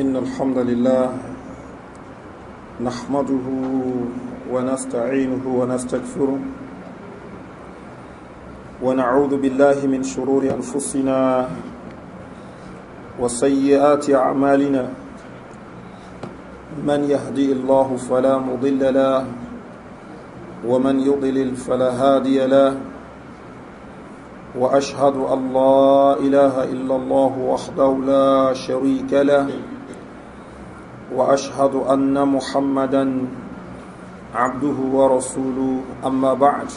إن الحمد لله نحمده ونستعينه ونستغفره ونعوذ بالله من شرور أنفسنا وسيئات أعمالنا من يهدي الله فلا مضل له ومن يضلل فلا هادي له وأشهد أن لا إله إلا الله وحده لا شريك له واشهد ان محمدا عبده ورسوله اما بعد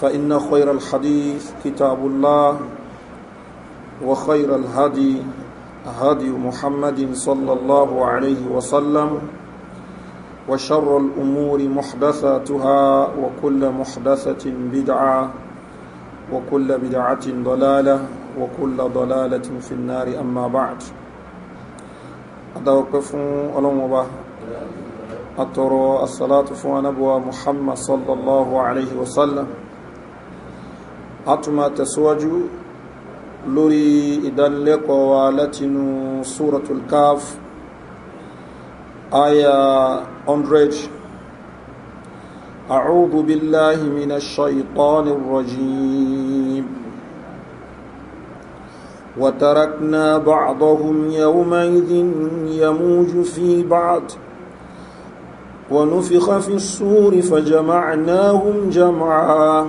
فان خير الحديث كتاب الله وخير الهدي هدي محمد صلى الله عليه وسلم وشر الامور محدثاتها وكل محدثه بدعه وكل بدعه ضلاله وكل ضلاله في النار اما بعد adáwọ̀pẹ́ fún ọlọ́run ọba àtọrọ asàlátù fún anábọ̀wà muhammad sallallahu alaihi wasallam a tún máa tẹ̀síwájú lórí ìdánilẹ́kọ̀ọ́ wa látinú suratul kaf aya 100 أعوذ بالله من الشيطان الرجيم وتركنا بعضهم يومئذ يموج في بعض ونفخ في الصور فجمعناهم جمعا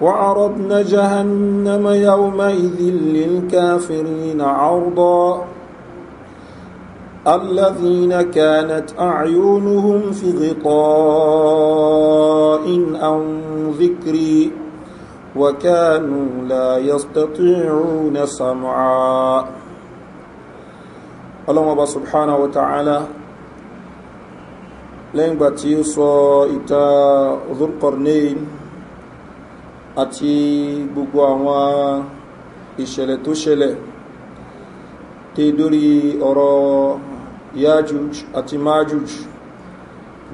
وعرضنا جهنم يومئذ للكافرين عرضا الذين كانت أعينهم في غطاء أن ذكري وكانوا لا يستطيعون سمعا الله سبحانه وتعالى lẹ́yìn gbà tí ó sọ ìta zulkarnain àti gbogbo àwọn ìṣẹ̀lẹ̀ tó ṣẹlẹ̀ tí dórí ọ̀rọ̀ yajuj àti majuj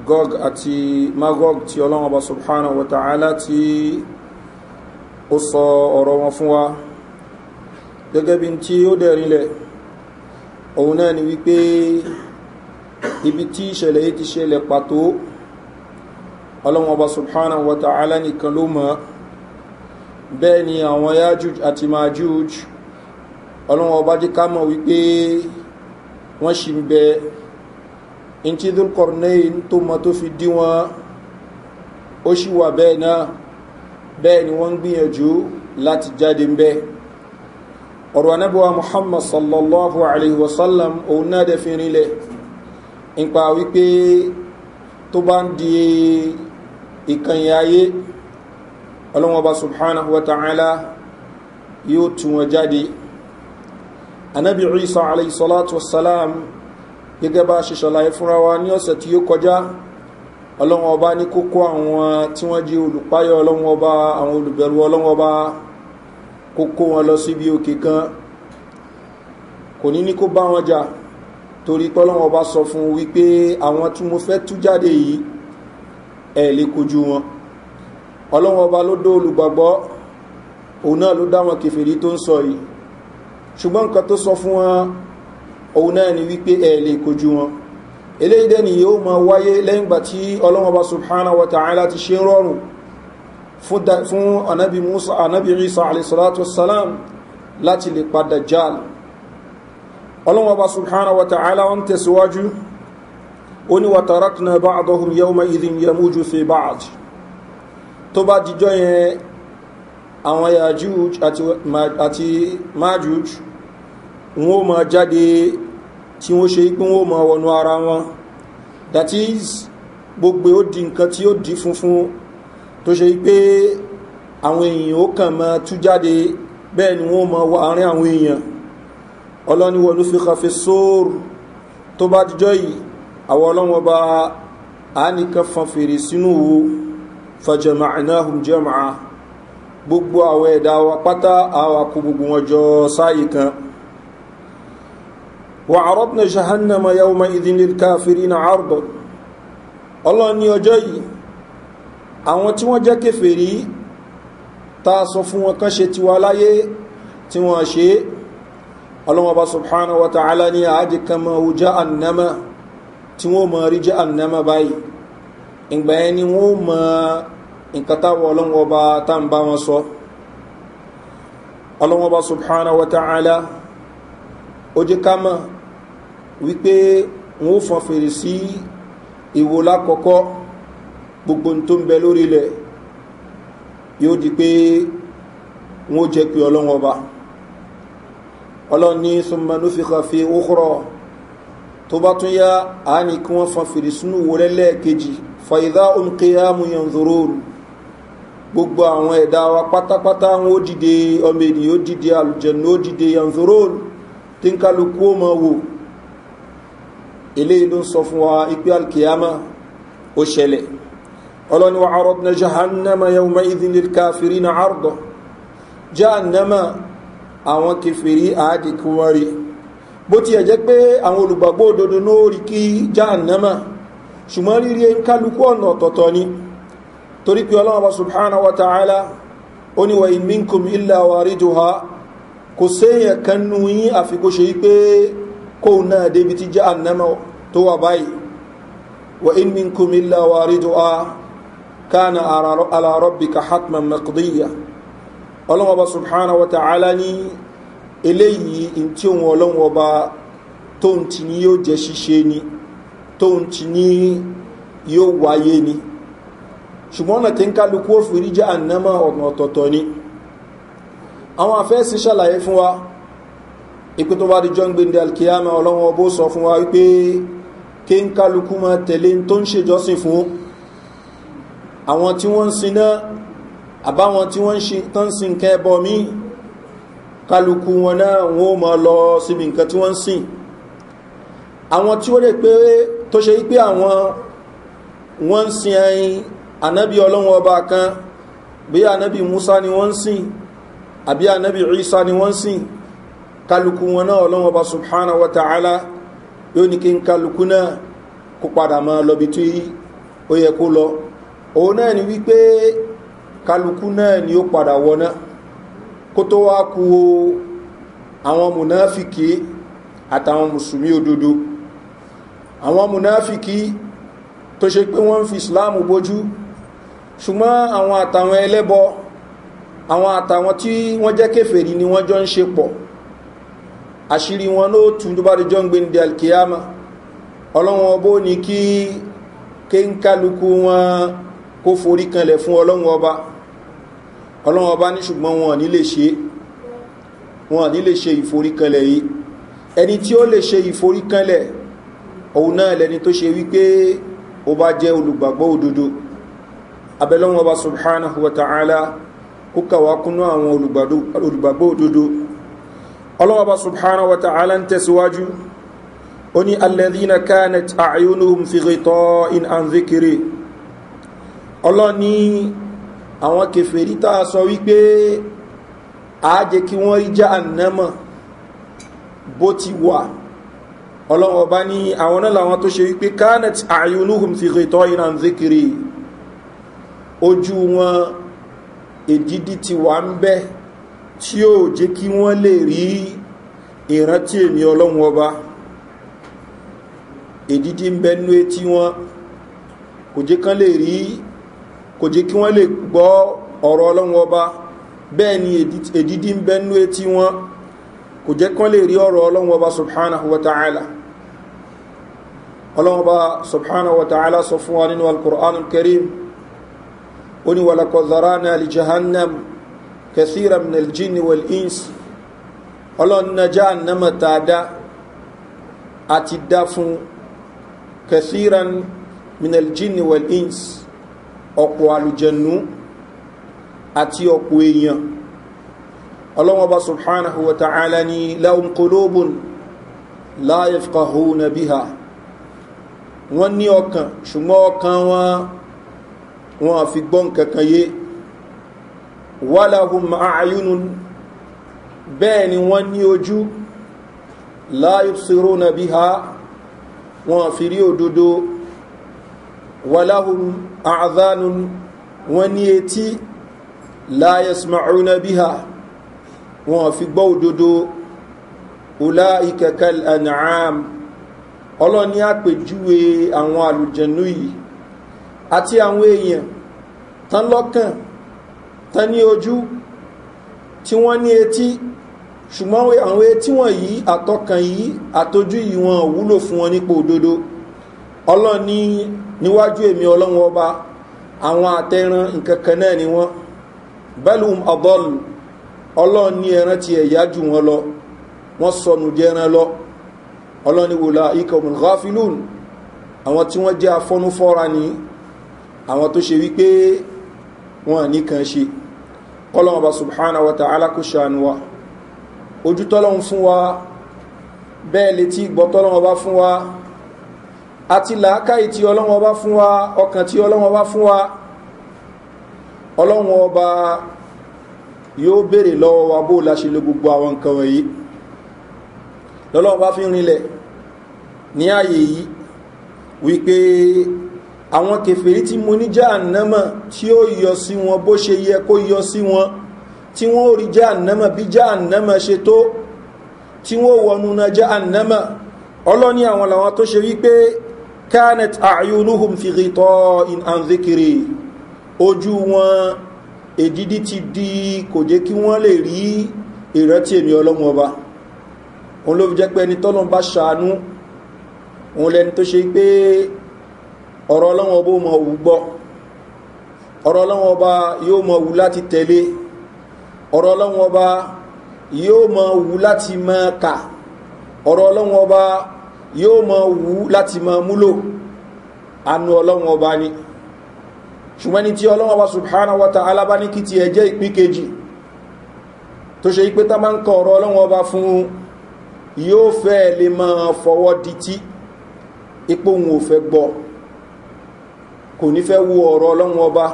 gog àti magog tí ọlọ́wọ́ba subhanahu wa ta'ala ti ó sọ ọ̀rọ̀ wọn fún wa gẹ́gẹ́ bí tí ó dẹ̀rinlẹ̀ òun náà ni wípé ibi tí ìṣẹ̀lẹ̀ yìí ti ṣẹlẹ̀ pàtó ọlọ́wọ́n ọba subhana wa ta'ala nìkan ló mọ̀ bẹ́ẹ̀ ni àwọn yájúj àti májúj ọlọ́wọ́n ọba jí ká mọ̀ wípé wọ́n ṣì ń bẹ in tí dúnkọ̀rọ̀ náà tó mọ tó fi dí ó ṣì wà bẹ́ẹ̀ náà bẹ́ẹ̀ ni wọ́n gbìyànjú láti jáde ń bẹ́ ọ̀rọ̀ anábíwá muhammad sallallahu alaihi wasallam òun náà dẹ̀ fi rinlẹ̀ nípa wípé tó bá ń di ìkànnì ayé ọlọ́wọ́ba subhanahu wa ta'ala yóò tún wọn jáde anábí isa alaihi salatu wasalam gẹ́gẹ́ bá ṣiṣọ́láyé fúnra wa ní ọ̀sẹ̀ tí yóò kọjá ọlọ́wọ́n ọba ní kókó àwọn tí wọ́n jí olùpáyọ̀ ọlọ́wọ́n ọba àwọn olùbẹ̀rù ọlọ́wọ́n ọba kókó wọn lọ síbi òkè kan kò ní ní kó bá wọn jà torí pọ́lọ́wọ́n ọba sọ fún wípé àwọn tí mo fẹ́ tú jáde yìí ẹ̀ lè kojú wọn ọlọ́wọ́n ọba ló dó olùgbàgbọ́ òun náà ló dá wọn kẹfìrí tó ń sọ yìí ṣùgbọ́n nǹkan tó sọ fún wọn òun náà ni wípé ẹ̀ lè kojú wọn eléyìí dẹ́ ni yóò máa wáyé lẹ́yìn gbà tí ọlọ́mọba subhanahu wa ta'ala ti ṣe rọrùn fún anabi musa anabi isa alayhisalatu salam láti lè padà jáàl ọlọ́mọba subhanahu wa ta'ala wọ́n tẹ̀síwájú ó ní wàtàrákùnà bá àdọ́hùn yau ma ìdín yamújú fi bá tó bá jíjọ́ yẹn àwọn yàjúj àti májúj wọ́n ma jáde tí wọ́n ṣe pé wọ́n mọ wọnú ara wọn that is gbogbo ó di nǹkan tí ó di funfun tó ṣe pé àwọn èèyàn ó kàn mọ tú jáde bẹ́ẹ̀ ni wọ́n mọ wọ àárín àwọn èèyàn ọlọ́niwọ̀ ló fi kàfẹ́ sóòrù tó bá dijọ́ yìí àwọn ọlọ́wọ́ bá a nìkan fan fèrè sínú wo fàjẹ̀mà ìnáhùn jẹ́mà gbogbo àwọn ẹ̀dá wa pátá àwọn àkó gbogbo wọn jọ sáyé kan وعرضنا جهنم يومئذ للكافرين عرضا الله ní ọjọ́ yìí àwọn tí wọ́n jẹ́ kéfèrí ta sọ fún wọn kán ṣe ti wá láyé tí wọ́n ṣe ọlọ́mọba subhanahu wa ta'ala ni àájì kan ma wo já annama tí wọ́n ma rí já annama báyìí ìgbà yẹn ni wọ́n ma nǹkan táwọn ọlọ́mọba ń bá wọn sọ ọlọ́mọba subhanahu wa ta'ala ó jẹ́ ká mọ́ wípé wọn ó fọn fèrè sí ìwo lákọ̀ọ́kọ́ gbogbo tó ń bẹ lórí ilẹ̀ yóò di pé wọn ó jẹ́ pé ọlọ́wọ́n ọba ọlọ́ni sọmọlúfìkà fi ó kúrọ̀ tó bá tún yá àání kí wọ́n fọn fèrè sínú wo lẹ́lẹ́ẹ̀kejì fàyídá òǹkẹ́yàmù yàn zòrò gbogbo àwọn ẹ̀dá wa pátápátá wọn ó dìde ọmọ ènìyàn ó dìde àlùjẹ̀nù ó dìde yàn tí ń kálukú ó mọ wò eléyìí ló ń sọ fún wa ipe alkiyama ó ṣẹlẹ̀ ọlọ́ni wa arọ́bìnà jahannama yawma idhin lil kafiri na ardọ̀ jahannama àwọn kẹfìrí àádìkú wọn rí bó ti ẹ̀jẹ́ pé àwọn olùgbàgbọ́ òdodo náà rí kí jahannama ṣùgbọ́n rírí kálukú ọ̀nà ọ̀tọ̀ọ̀tọ̀ ni torí pé ọlọ́wọ́ subhana wa ta'ala ó ní wa in minkum wa rí duha kò séyàn kan nù yín àfikó yí pé kóun náà débi tí jẹ́ ànámọ́ tó wà báyìí wa in min kum illa wariduha kana ala rabbika hatman maqdiya ọlọ́wọ́ bá subhanahu wa ta'ala ní eléyìí in tí òun ọlọ́wọ́ bá tóun ti ní yóò jẹ́ ṣíṣe ni tóun ti ní yóò wáyé ni ṣùgbọ́n ọ̀nà tí ń kálukú ó fi jẹ́ ànámọ́ ọ̀nà ọ̀tọ̀ọ̀tọ̀ ni àwọn afẹ́sí ṣàlàyé fún wa ipé tó di john gbendel kiyama ọlọ́wọ́ bó sọ fún wa wípé kí n kálukú ma tẹ̀lé tó ń ṣèjọsìn fún àwọn tí wọ́n ń sin náà àbáwọn tí wọ́n ń sin kẹ́ bọ́ mí kálukú wọn náà wọ́n ma lọ síbi nǹkan tí wọ́n sin àwọn tí ó lè pé tó ṣe wípé àwọn wọ́n sin ẹyin anábì ọlọ́wọ́ ọba kan bí anábì musa ni wọ́n sin àbí anábì isa ni wọ́n sin kálukú wọn náà ọlọ́wọ́n bá subhanahu wa ta'ala yóò ní kí n kálukú náà kó padà máa lọ bí tí ó yẹ kó lọ òun náà ni wípé kálukú náà ni ó padà wọná kó tó wá ku àwọn mùnáfìkì àtàwọn mùsùlùmí òdodo àwọn mùnáfìkì tó ṣe pé wọ́n ń fi islam bójú ṣùgbọ́n àwọn àtàwọn ẹlẹ́bọ àwọn àtàwọn tí wọ́n jẹ́ kéfèrí ni wọ́n jọ ń ṣe pọ̀ àṣírí wọn ló tún tó bá rí jọ́ǹgbé ní alkiyama ọlọ́wọ́n bó ní kí kéńkálukú wọn kó forí kanlẹ̀ fún ọlọ́wọ́n ọba ọlọ́wọ́n ọba ní ṣùgbọ́n wọn ní lè ṣe wọn ní lè ṣe ìforíkanlẹ̀ yìí ẹni tí ó lè ṣe ìforíkanlẹ̀ òun náà lẹni tó ṣe wípé ó bá jẹ́ olùgbàgbọ́ òdodo abẹ́lọ́wọ́n ọba subhanahu wa ta'ala kó kàwá kúnú àwọn olùgbàgbọ́ òdodo ọlọ́wọ́ba subhanahu wa ta'ala ń tẹ̀síwájú ó ní alẹ́dínà kanet àyónúhùn fìrìtọ́ in an zikiri ọlọ́ni àwọn kèfèrí tá a sọ wípé àájẹ́ kí wọ́n rí já ànámọ̀ bó ti wà ọlọ́wọ́ba ní àwọn náà làwọn tó ṣe wípé kanet àyónúhùn fìrìtọ́ tí ó jẹ́ kí wọ́n lè rí ìrántí èmì ọlọ́run ọba èdídí ń bẹnú etí wọn kò jẹ́ kán lè rí kò jẹ́ kí wọ́n lè gbọ́ ọ̀rọ̀ ọlọ́run ọba bẹ́ẹ̀ ni èdídí ń bẹnú etí wọn kò jẹ́ kán lè rí ọ̀rọ̀ ọlọ́run ọba subhanahu wa ta'ala ọlọ́run ọba subhanahu wa ta'ala sọ fún wa nínú alkur'an karim ó ní wàlàkọ̀ zara náà lè kẹsíra mìnàljíni wal ins ọlọ́nàjá annamata dá àti dá fún kẹsíra mìnàljíni wal ins ọ̀pọ̀ alùjẹ̀nú àti ọ̀pọ̀ èèyàn ọlọ́wọ́ba subhanahu wa ta'ala ni láun kolóbùn láyẹ̀fkàhù na bíhá wọ́n ní ọkàn ṣùgbọ́n ọkàn wọn wọn fi gbọ́n kankan yé wàláhùn ààyúnú bẹ́ẹ̀ ni wọ́n ní ojú láyé sírò na bí ha wọ́n fi rí òdodo wàláhùn àádánún wọ́n ní etí láyé smaru na bí ha wọ́n fi gbọ́ òdodo ọlá ìkẹ̀kẹ́ ànàám ọlọ́ni àpèjúwe àwọn àlùjẹ̀nú yìí àti àwọn èèyàn tán lọ́kàn tán ní ojú tí wọ́n ní etí ṣùgbọ́n àwọn etí wọ̀n yìí àtọkàn yìí àtójú yìí wọn wúlò fún wọn nípa òdodo ọlọ́run ní níwájú èmi ọlọ́run ọba àwọn àtẹran nǹkan náà ni wọ́n bẹ́lùm ọ̀bọ́ọ̀lù ọlọ́run ní ẹran ti ẹ̀yà jù wọn lọ wọ́n sọnù jẹran lọ ọlọ́run ní wòlá ikọ̀ mùgáfílùn àwọn tí wọ́n jẹ́ afọ́núfọ́ra ni àwọn tó ṣe wípé wọn ní kan ṣe kọlọ́mọba subhanahu wa ta'ala kò ṣàánú wa ojú tọ́lọ́run fún wa bẹ́ẹ̀ létí ìgbọ́ tọ́lọ́mọba fún wa àti làákàyè tí ọlọ́mọba fún wa ọkàn tí ọlọ́mọba fún wa ọlọ́mọba yóò béèrè lọ́wọ́ wa bó la ṣe gbogbo àwọn nǹkan wọ̀nyí àwọn kèfèrí tí mo ní jáànámà tí ó yọ sí wọn bó ṣe yẹ kó yọ sí wọn tí wọ́n ó rí jáànámà bí jáànámà ṣe tó tí wọ́n wọnú na jáànámà ọlọ́ni àwọn làwọn tó ṣe wípé kanet ayunuhum fi in anzikiri ojú wọn èdídí ti di kò jẹ́ kí wọ́n lè rí ìrántí èmi ọlọ́mọ ọba òun ló fi jẹ́ pé ẹni tọ́lọ́ bá ṣàánú òun lẹni tó ṣe pé ọ̀rọ̀ ọlọ́wọ́n ọba ó mọ̀ wù gbọ́ ọ̀rọ̀ ọlọ́wọ́n ọba yóò mọ̀ wù láti tẹ̀lé ọ̀rọ̀ ọlọ́wọ́n ọba yóò mọ̀ wù láti mọ̀ kà ọ̀rọ̀ ọlọ́wọ́n ọba yóò mọ̀ wù láti mọ̀ múlò anu ọlọ́wọ́n ọba ni ṣùgbọ́n ní tí ọlọ́wọ́n bá ní kí ti ẹjẹ́ ìpín kejì tó ṣe ipé tá máa ń kọ ọ̀rọ̀ ọlọ́wọ́n ọba fún yóò fẹ́ lè máa fọwọ́ di tí ipò òun ò fẹ́ gbọ́ kò ní fẹ́ wo ọ̀rọ̀ ọlọ́run ọba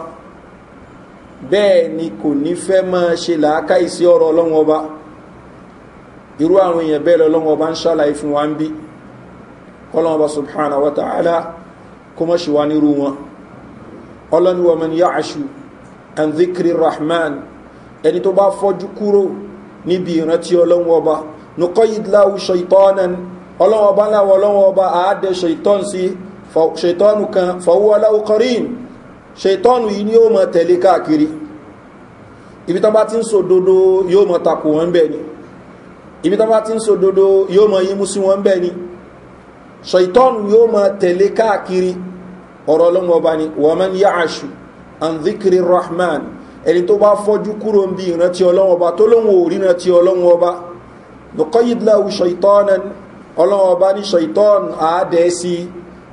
bẹ́ẹ̀ ni kò ní fẹ́ máa ṣe làákàyè sí ọ̀rọ̀ ọlọ́run ọba irú àwọn èèyàn bẹ́ẹ̀ lọ́lọ́run ọba ń ṣàlàyé fún wa ń bí kọ́lọ́run ọba subhanahu wa ta'ala kó mọ̀ ṣe wá nírú wọn ọlọ́ni wa man ya'ashu an zikri rahman ẹni tó bá fọ́jú kúrò níbi ìrántí ọlọ́run ọba nukọ́ yìí láwù ṣe ìtọ́nà ọlọ́run ọba láwọ ọlọ́run ọba àádẹ́ ṣe ìtọ́n sí ṣètọ́nù kan fọwọ́ aláwọ̀ kọrin ṣètọ́nù yìí ni ó mọ̀ tẹ̀lé káàkiri ibi tán bá ti ń so dodo yóò mọ̀ tako wọn bẹ́ẹ̀ ni ibi tán bá ti ń so dodo yóò mọ̀ yímú sí wọn bẹ́ẹ̀ ni ṣètọ́nù yóò mọ̀ tẹ̀lé káàkiri ọ̀rọ̀ ọlọ́mọ ni ṣètọ́nù ọlọ́wọ́ ọba ní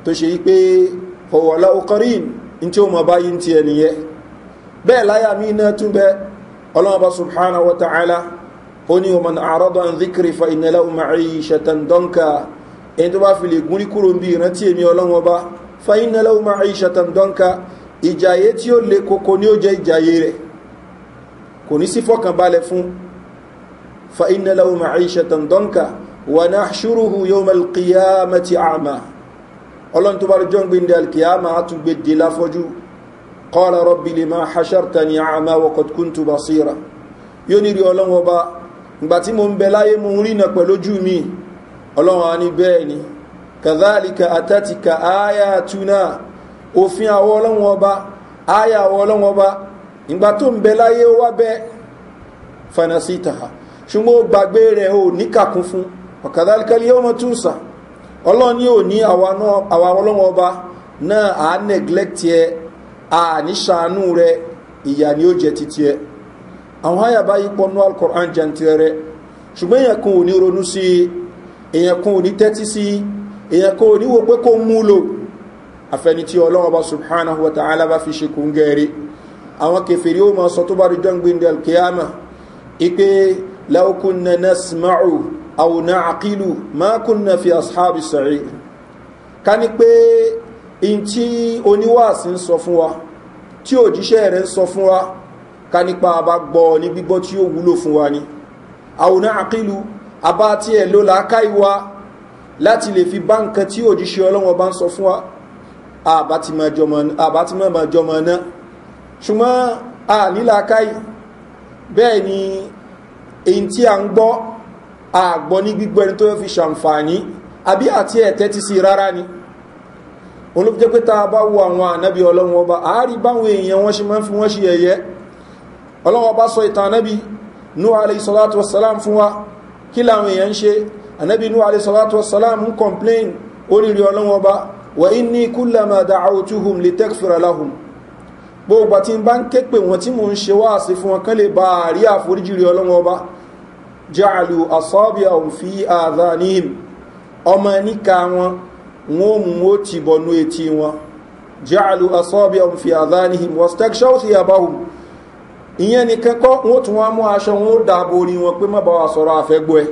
tó ṣe yí pé ọ̀wọ̀lá ọkọrin in tí ó mọ̀ báyí ti ẹniyẹ bẹ́ẹ̀ láyà mí iná tún bẹ́ ọlọ́mọba subhana wa ta'ala ó ní ọmọ àrọ́dọ̀ ń zikiri fa ìnẹ̀lá umarí ṣẹ̀tàn dọ́nkà ẹni tó bá fi lè gúnrí kúrò bí ìrántí èmi ọlọ́mọba fa ìnẹ̀lá umarí ṣẹ̀tàn dọ́nkà ìjàyé tí ó le koko ní ó jẹ́ ìjàyé rẹ̀ kò ní sí fọ́kànbalẹ̀ fún fa ìnẹ̀lá umarí ṣẹ̀tàn dọ́nkà wà náà ṣúrùhù yóò mẹ́lì kìyàmẹ́tì àmà ọlọ́run tó bá rí john gbendé alkiyama a tún gbèdè láfọ́jú kọ́lá rọ́bì lè máa haṣarta ní àmà wọ̀kọ̀tkún tó bá síra yóò ní rí ọlọ́run ọba ìgbà tí mo ń bẹ láyé mo ń rìnà pẹ̀lójú mi ọlọ́run a ní bẹ́ẹ̀ ni kàdálìkà àtàtìkà áyà túnà òfin àwọ ọlọ́run ọba áyà àwọ ọlọ́run ọba ìgbà tó ń bẹ láyé wá bẹ́ fanasita ṣùgbọ́n gbàgbé rẹ̀ ó níkàkún fún ọ̀kàdálìkà lè yọ́ mọ́ túnṣà ọlọ́run ní òní àwa ọlọ́wọ́n ọba náà à á neglect yẹ à ní sàánú rẹ ìyà ni ó jẹ títí ẹ àwọn àyà báyìí pọnú alkọ̀ọ́n jantirẹ rẹ ṣùgbọ́n èèyàn kan ò ní ronú sí i èèyàn kan ò ní tẹ́tí sí i èèyàn kan ò ní wo pé kó mú lò àfẹni tí ọlọ́run ọba subhanahu wa ta'ala bá fi ṣe kún gẹ́rẹ́ àwọn kẹfìrí ó máa sọ tó bá rí jọ́ ń gbé ní alkiyama aw na'qilu ma kunna fi ashabi sa'ir ká ní pé in tí oníwàásí ń sọ fún wa tí òjíṣẹ́ rẹ̀ ń sọ fún wa ká nípa àbá gbọ́ ní gbígbọ́ tí ó wúlò fún wa ni aw na'qilu àbá tí ẹ̀ ló làákàí wa láti lè fi bá nǹkan tí òjíṣẹ́ ọlọ́wọ́ bá ń sọ fún wa àbá tí a ń àgbọ́ ní gbígbọ́ ẹni tó fi ṣàǹfààní àbí àti ẹ̀tẹ́ ti sí rárá ni olóòjẹ́ pé ta bá wo àwọn ànábì ọlọ́run ọba àárí báwọn èèyàn wọ́n ṣe máa ń fi wọ́n ṣe ẹ̀yẹ́ ọlọ́run ọba sọ ìtàn ànábì gbogbo àti bá ń ké pè wọ́n tí mò ń ṣe wáàsí fún wọn lè bá àrí àforíjì rí ọlọ́run ọba jàlù asọ́bíàun fi àdánihìm ọmọ níka wọn wọn mú ó ti bọ̀nú etí wọn jàlù asọ́bíàun fi àdánihìm wọ́stẹ́kṣọ́ sí àbáhùn ìyẹn ni kẹ́kọ́ wọ́n tún wá mú aṣọ wọn ó dá borí wọn pé mọ́bà wa sọ̀rọ̀ àfẹ́gbọ́ ẹ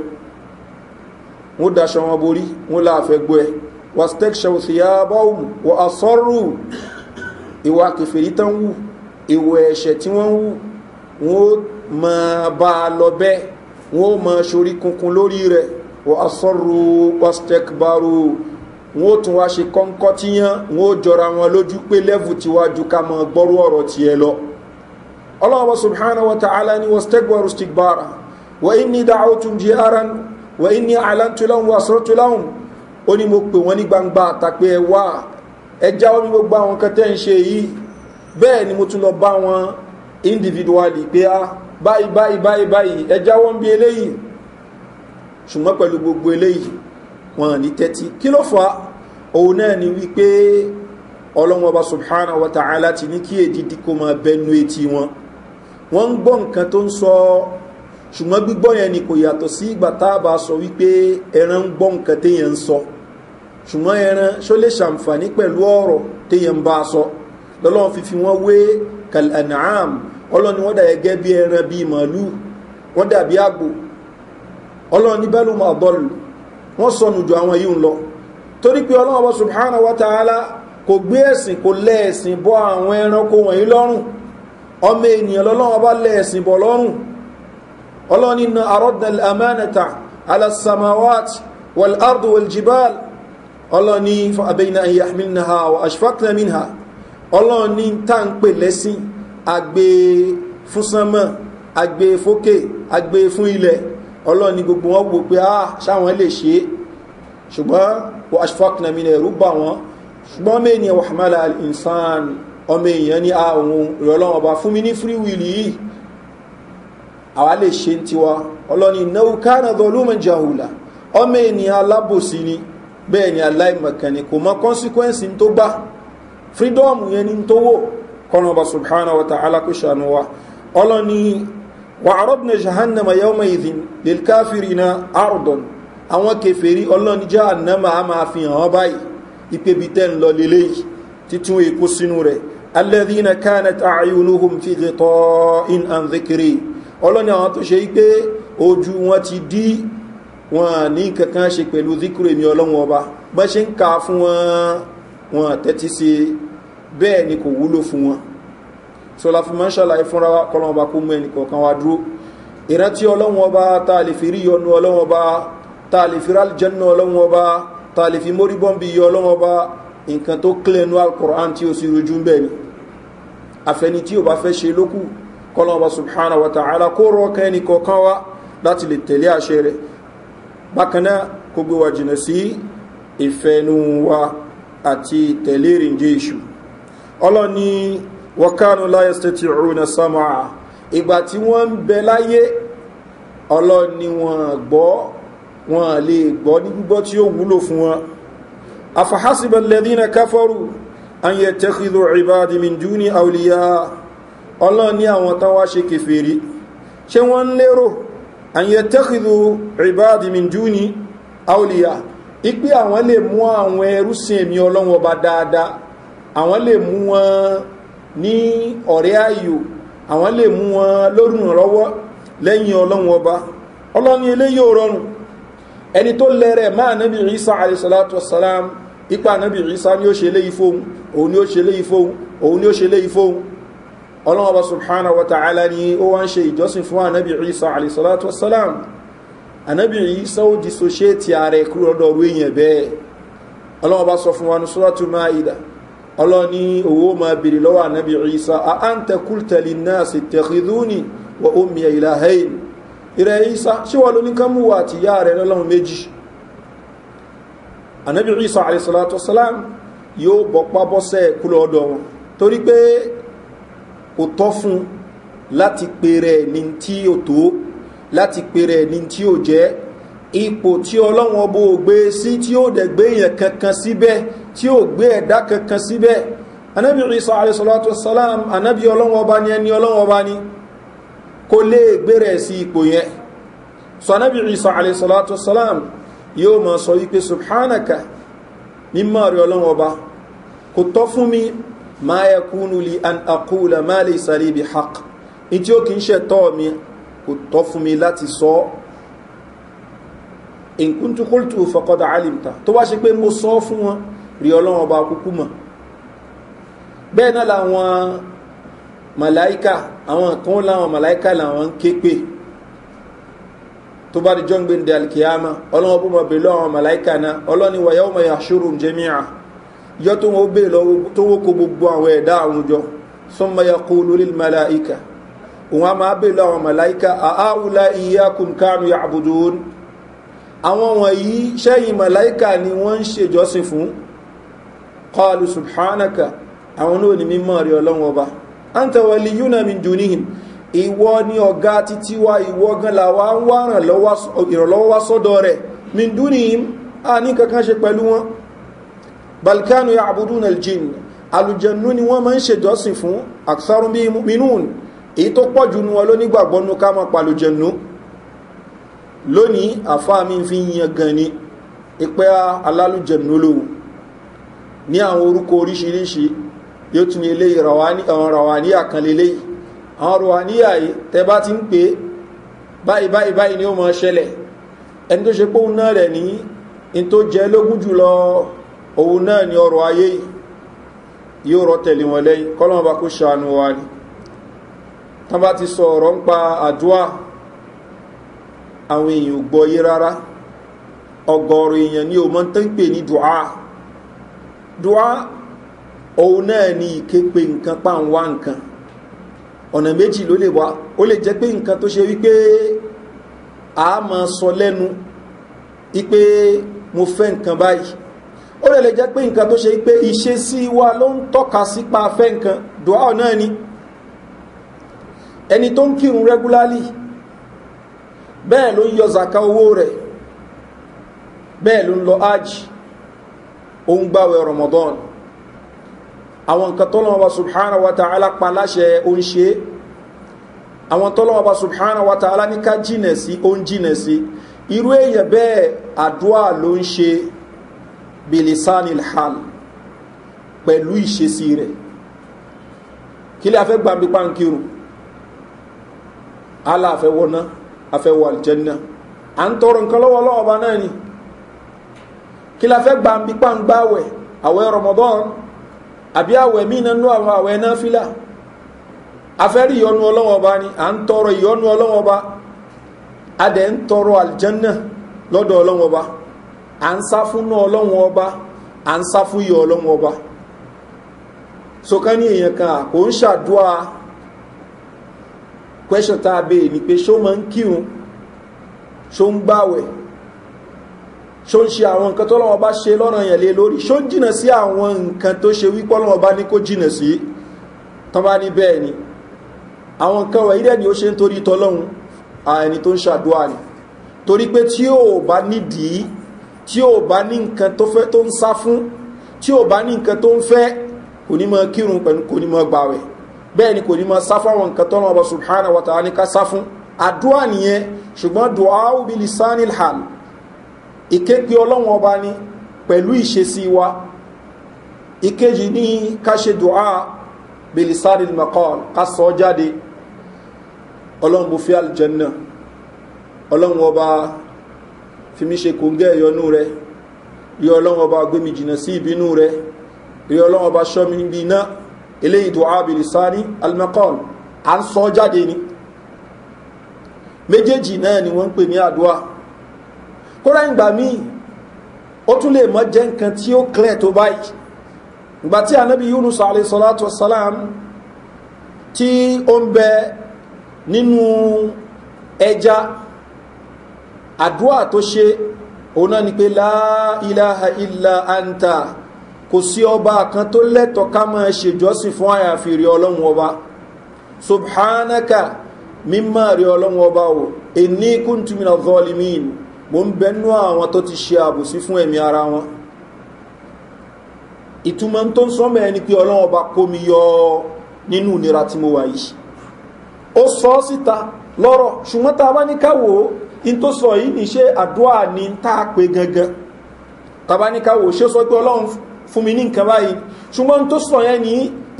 wọ́n daṣọ wọn borí wọ́n láàfẹ́gbọ́ ẹ wọ́stẹ́kṣọ́ sí àbáhùn wọ́n asọ́rù ìwà kẹfẹ̀rí tán wù ẹ̀ṣẹ̀ tí wọ́n wù máa bá a lọ bẹ́ẹ̀ wọ́n ó mọ ṣorí kunkun lórí rẹ̀ wọ́n asọ́rù ostekbaru wọ́n ó tún wá ṣe kọ́ńkọ́ tíyán wọ́n ó jọra wọn lójú pé lẹ́fù tiwájú ká mọ gbọ́rú ọ̀rọ̀ tiẹ̀ lọ ọlọ́wọ́ subhanahu wa ta'ala ni ostekbaru stikbara wọ́n ní dàáwótún jí aran wọ́n ní alántúláhùn wọ́n asọ́rọ̀túláhùn ó ní mo pè wọ́n ní gbangba àtàpé ẹ wá ẹ jáwọ́ ní gbogbo àwọn kẹtẹ́ ń ṣe yìí bẹ́ẹ̀ ni mo tún lọ bá wọn individually pé ah báyìí báyìí báyìí báyìí ẹ jáwọ́ ń bí eléyìí ṣùgbọ́n pẹ̀lú gbogbo eléyìí wọn ní tẹ́tí kí ló fa òun náà ni wípé ọlọ́wọ́ba subhanahu wa ta'ala ti ní kí èdìdí kó máa bẹnu etí wọn wọ́n ń gbọ́ nǹkan tó ń sọ ṣùgbọ́n gbígbọ́ yẹn ni kò yàtọ̀ sí ìgbà táàbà sọ wípé ẹran ń gbọ́ nǹkan téèyàn ń sọ ṣùgbọ́n ẹran ṣó lè ṣàǹfààní pẹ̀lú ọ̀rọ̀ téèyàn ń bá a sọ lọ́lọ́run fi wọ́n wé kal ọlọ́ni wọ́n dà gẹ́gẹ́ bí ẹran bíi màálù wọ́n dàbí àgbò ọlọ́ni bẹ́lú máa bọ́ọ̀lù wọ́n sọnù jù àwọn yìí ń lọ torí pé ọlọ́wọ́ subhana wa ta'ala kò gbé ẹ̀sìn kò lẹ́ẹ̀sìn bọ́ àwọn ẹranko wọ̀nyí lọ́rùn ọmọ ènìyàn lọ́lọ́wọ́ bá lẹ́ẹ̀sìn bọ̀ lọ́rùn ọlọ́ni na arọ́dàn amánata alasamawat wal ardu wal jibal ọlọ́ni fa abẹ́yìn náà yahmilnaha wa ashfaqna minha ọlọ́ni tá ń pè lẹ́sìn Agbe fún sánmọ̀ agbe fókè agbe fún ilẹ̀ ọlọ́run ni gbogbo wọn wò pé ah ṣáwọn lè ṣe é ṣùgbọ́n wọ ashfaqna mi ẹ̀rú bà wọ́n ṣùgbọ́n mẹ́niyàn wàhálà al-insan ọmọ èèyàn ní àwọn ah, ìrọ̀lọ́wọ́ bá fún mi ní free will yìí àwa lè ṣe ti wa ọlọ́ni náà kánà zọlúmọ̀ jahula ọmọ ènìyàn alábòsí ni bẹ́ẹ̀ ni aláìmọ̀kànnì kò mọ consequence tó bá freedom yẹn ni tó wò kọ́nà ọba subhanahu wa ta'ala kò ṣàánú wa ọlọ́ni wa arọ́bìnà jahannama yawma idhin lil káfírìnà ardon àwọn kẹfẹ́rí ọlọ́ni jahannama a máa fi hàn báyìí ìpèbí tẹ́ ń lọ lélẹ́yìí títún èkó sínú rẹ̀ alẹ́dínà kánat àyùnúhùn fi gẹ̀tọ́ in and zikiri ọlọ́ni àwọn tó ṣe pé ojú wọn ti dí wọn ní kankan ṣe pẹ̀lú zikiri ní ọlọ́wọ́n ọba bá ṣe ń ka fún wọn wọn tẹ́tí sí i bẹ́ẹ̀ ni kò wúlò fún wọn sọlá fún mọ́ ṣàlàyé fúnra kọlọ́wọ́n bá kó mú ẹnì kọ̀ọ̀kan wá dúró ìrántí ọlọ́wọ́n bá tá a lè fi rí yọnu ọlọ́wọ́n bá tá a lè fi rálì jẹ́nu ọlọ́wọ́n bá tá a lè fi mórí bọ́m̀bì yọ ọlọ́wọ́n bá nǹkan tẹ̀lé ìrìnjẹ́ ìṣù ọlọ́ni wakanu láyé stéti rúnà sọ́mọ́ ìgbà tí wọ́n ń bẹ láyé ọlọ́ni wọ́n gbọ́ wọ́n lè gbọ́ ní gbígbọ́ tí ó wúlò fún wọn afahasibalẹ́dínà káfọ́rù an yẹ tẹ́kìdò ìbádi min dúní àwòlíyá àwọn tán ṣe kèfèrí ṣe wọ́n lérò an tẹ́kìdò ìbádi min dúní àwọn lè mú àwọn ẹrúsìn èmi ọlọ́wọ́ bá dáadáa àwọn lè mú wọn ní ọ̀rẹ́ ayò àwọn lè mú wọn lórùn rọwọ́ lẹ́yìn ọlọ́run ọba ọlọ́ni eléyìí ò rọrùn ẹni tó lẹ́rẹ̀ máa nábi ìrísà àrísàlátọ̀ sàlám ipa nábi ìrísà ni ó ṣe lé ìfóhun òun ni ó ṣe lé ìfóhun òun ni ó ṣe lé ìfóhun ọlọ́wọ́ subhana wa ta'ala ni ó sọ fún wa ní sọ́rọ̀tù máa ìdá ọlọ́ni owó máa bèrè lọ́wọ́ ànábì isa a á ń tẹ kúltẹ̀lì náà sì tẹ̀kìdúnì wọ omi ìlà hain ìrẹ̀ isa ṣíwà ló ní kánmù wà àti yá rẹ̀ lọ́lọ́run méjì ànábì isa alaihissalatu wasalam yóò bọ̀pá bọ́sẹ̀ kúlọ̀ ọdọ̀ wọn torí pé ó tọ́ fún láti pèrè ní tí ó tó láti pèrè ní tí ó jẹ́ ipò tí ọlọ́run ọbọ̀ gbé sí tí ó dẹ̀ gbé yẹn kankan síbẹ̀ si tí ó gbé ẹ̀dá kankan síbẹ̀ anábì Isa alayhi salatu wassalam anábì ọlọ́wọ́ ọba ni ẹni ọlọ́wọ́ ọba ni kó lè gbére sí ipò yẹn so anábì Isa alayhi salatu wassalam yóò máa sọ wípé subhanaka mímọ́ rí ọlọ́wọ́ ọba kò tọ́ fún mi ma yakunu li an aqula ma laysa li bi haqq in ó kì í ṣe tọ́ mi kò tọ́ fún mi láti sọ ọ́ in alimta tó wá ṣe pé mo sọ fún wọn rí ọlọ́run ọba kúkú mọ̀ bẹ́ẹ̀ náà làwọn màláìka àwọn kan láwọn màláìka làwọn ń ké pè tó bá di jọ́ngbé ní alkiyama ọlọ́run ọba mọ̀ bèèrè àwọn màláìka náà ọlọ́ni wàyà ọmọ yà ṣòro jẹ́míà yọ tó wọn bèèrè lọ́wọ́ tó wọ́kọ gbogbo àwọn ẹ̀dá àwùjọ sọ́mọ yà kó lórí màláìka òun a máa bèèrè àwọn màláìka àáwùlá ìyákùn kánú yà àbùdùn àwọn wọ̀nyí sẹ́yìn màláìka ni wọ́n ń ṣèjọ́sìn fún qalu subhanaka àwọn náà ni mímọ́ rí ọlọ́run ọba anta waliyuna min dunihim ìwọ ni ọ̀gá títí wa ìwọ gan la wa ń wá ìrànlọ́wọ́ wá sọ́dọ̀ rẹ̀ min dunihim a ní kankan ṣe pẹ̀lú wọn balkanu ya abudun aljin alùjẹ̀nú ni wọ́n máa ń ṣèjọ́sìn fún aksarun bí minun èyí tó pọ̀ jù ní wọn ló nígbàgbọ́ nú ká máa palùjẹ̀nú lónìí àfáà mi fi yan gan ni ìpẹ́ alálùjẹ̀nú lóhun ní àwọn orúkọ oríṣiríṣi yóò tún ilé àwọn rọ̀wàníyà kan lélé àwọn rọ̀wàníyà yìí tẹbá ti ń pè báyìí báyìí báyìí ni ó mọ̀ ṣẹlẹ̀ ẹni tó ṣe pé òun náà rẹ̀ ní in tó jẹ lógún jùlọ òun náà ni ọrọ̀ ayé yóò rọ tẹ̀lé wọn lẹ́yìn kọ́lọ́mọba kó ṣàánú wa ni tán bá ti sọ ọ̀rọ̀ ń pa àdúà àwọn èèyàn gbọ́ yé rárá ọgọ́rọ̀ èèyàn ni ò mọ́ tán pè ní dùá dùá òun náà ni ìképe nǹkan pa ń wá nǹkan ọ̀nà méjì ló lè wá ó lè jẹ́ pé nǹkan tó ṣe wípé a máa sọ lẹ́nu wípé mo fẹ́ nǹkan báyìí ó lè lè jẹ́ pé nǹkan tó ṣe wípé iṣẹ́ sí wa ló ń tọ́ka sípa fẹ́ nǹkan dùá náà ni ẹni tó ń kírun rẹ́gúlálì bẹ́ẹ̀ ló ń yọ zaka owó rẹ̀ bẹ́ẹ̀ ló ń lọ ájì ó ń gbáwẹ̀ ramadan àwọn nǹkan tọ́lọ́wọ́ bá subhana wa ta'ala pa láṣẹ ó ń ṣe àwọn tọ́lọ́wọ́ bá subhana wa ta'ala ní ká jìnà sí ó ń jìnà sí irú èèyàn bẹ́ẹ̀ àdúà ló ń ṣe bilisanil hal pẹ̀lú ìṣesí rẹ̀ kí lè afẹ́ gbàmí pàǹkìrùn aláàfẹ́ wọná afẹ́ wọ àlìjẹ́nà à ń tọrọ nǹkan lọ́wọ́ náà ni kí la fẹ́ gbàǹbí pàǹgbà àwẹ̀ àwẹ̀ ramadan àbí àwẹ̀ mí nínú àwọn àwẹ̀ náà fílà afẹ́rí ìyọnu ọlọ́wọ́ ọba ni à ń tọrọ ìyọnu ọlọ́wọ́ ọba a dẹ̀ ń tọrọ àlìjánná lọ́dọ̀ ọlọ́wọ́ ọba à ń sá fún náà ọlọ́wọ́ ọba à ń sá fún ìyọ ọlọ́wọ́ ọba sọkàn ní èèyàn kan kò ń ṣàdúrà kwẹ́sọ̀tà abẹ́ ni pé ṣó máa ń kírun ṣó ń gbàwẹ̀ ṣó ń ṣe àwọn nǹkan tọ́lọ́wọ́ bá ṣe lọ́nà yẹn lé lórí ṣó ń jìnà sí àwọn nǹkan tó ṣe wípọ́ lọ́wọ́ bá ní kó jìnà sí tán bá ní bẹ́ẹ̀ ni àwọn nǹkan wẹ̀ ìdẹ́ ni ó ṣe ń torí tọ́lọ́hun àẹni tó ń ṣàdúrà ni torí pé tí ò bá nídìí tí ò bá ní nǹkan tó fẹ́ tó ń sá fún tí ò bá ní nǹkan tó ń fẹ́ kò ní mọ kírun pẹ̀lú kò ní mọ gbàwẹ̀ bẹ́ẹ̀ ni kò ní mọ sá fún àwọn nǹkan tọ́lọ́wọ́ subhanahu wa ta'ala ní ká sá fún àdúrà nìyẹn ṣùgbọ́n dùn áwùbí lisanil hàn ìképe ọlọ́run ọba ni pẹ̀lú ìṣesí wa ìkejì ní káṣe dùá belisari makon kásọ jáde ọlọ́run bó fi aljanna ọlọ́run ọba fi mí ṣe kòǹgẹ́ ẹ̀yọnú rẹ rí ọlọ́run ọba gbé mi jìnà sí ìbínú rẹ rí ọlọ́run ọba ṣọ́ mi níbi iná eléyìí dùá belisari almakon à ń sọ jáde ni méjèèjì náà ni wọ́n ń pè ní àdúrà kóra ìgbà míì ó tún lè mọ́ jẹ́ nǹkan tí ó clear tó báyìí ìgbà tí anábì yunus alayhisalatu wasalam tí ó ń bẹ nínú ẹja àdúrà tó ṣe òun náà ni pé láìláha ilá àǹtà kò sí ọba kan tó lẹ́tọ̀ ká máa ṣèjọ́sìn fún àyàfi rí ọlọ́run ọba subhanaka mímọ́ rí ọlọ́run ọba o èní kúntùmínà zọlímìn mo ń bẹnú àwọn tó ti ṣe àbòsí fún ẹ̀mí ara wọn ìtumọ̀ tó ń sọ́mọ̀ ẹni pé ọlọ́wọ́ bá kó mi yọ nínú ìnira tí mo wà yìí ó sọ ọ́ síta lọ́rọ̀ ṣùgbọ́n tá a bá ní káwò in tó sọ yìí ní ṣe àdúrà ní tá a pé gangan tá a bá ní káwò ṣe sọ pé ọlọ́run fún mi ní nǹkan báyìí ṣùgbọ́n tó sọ yẹn ní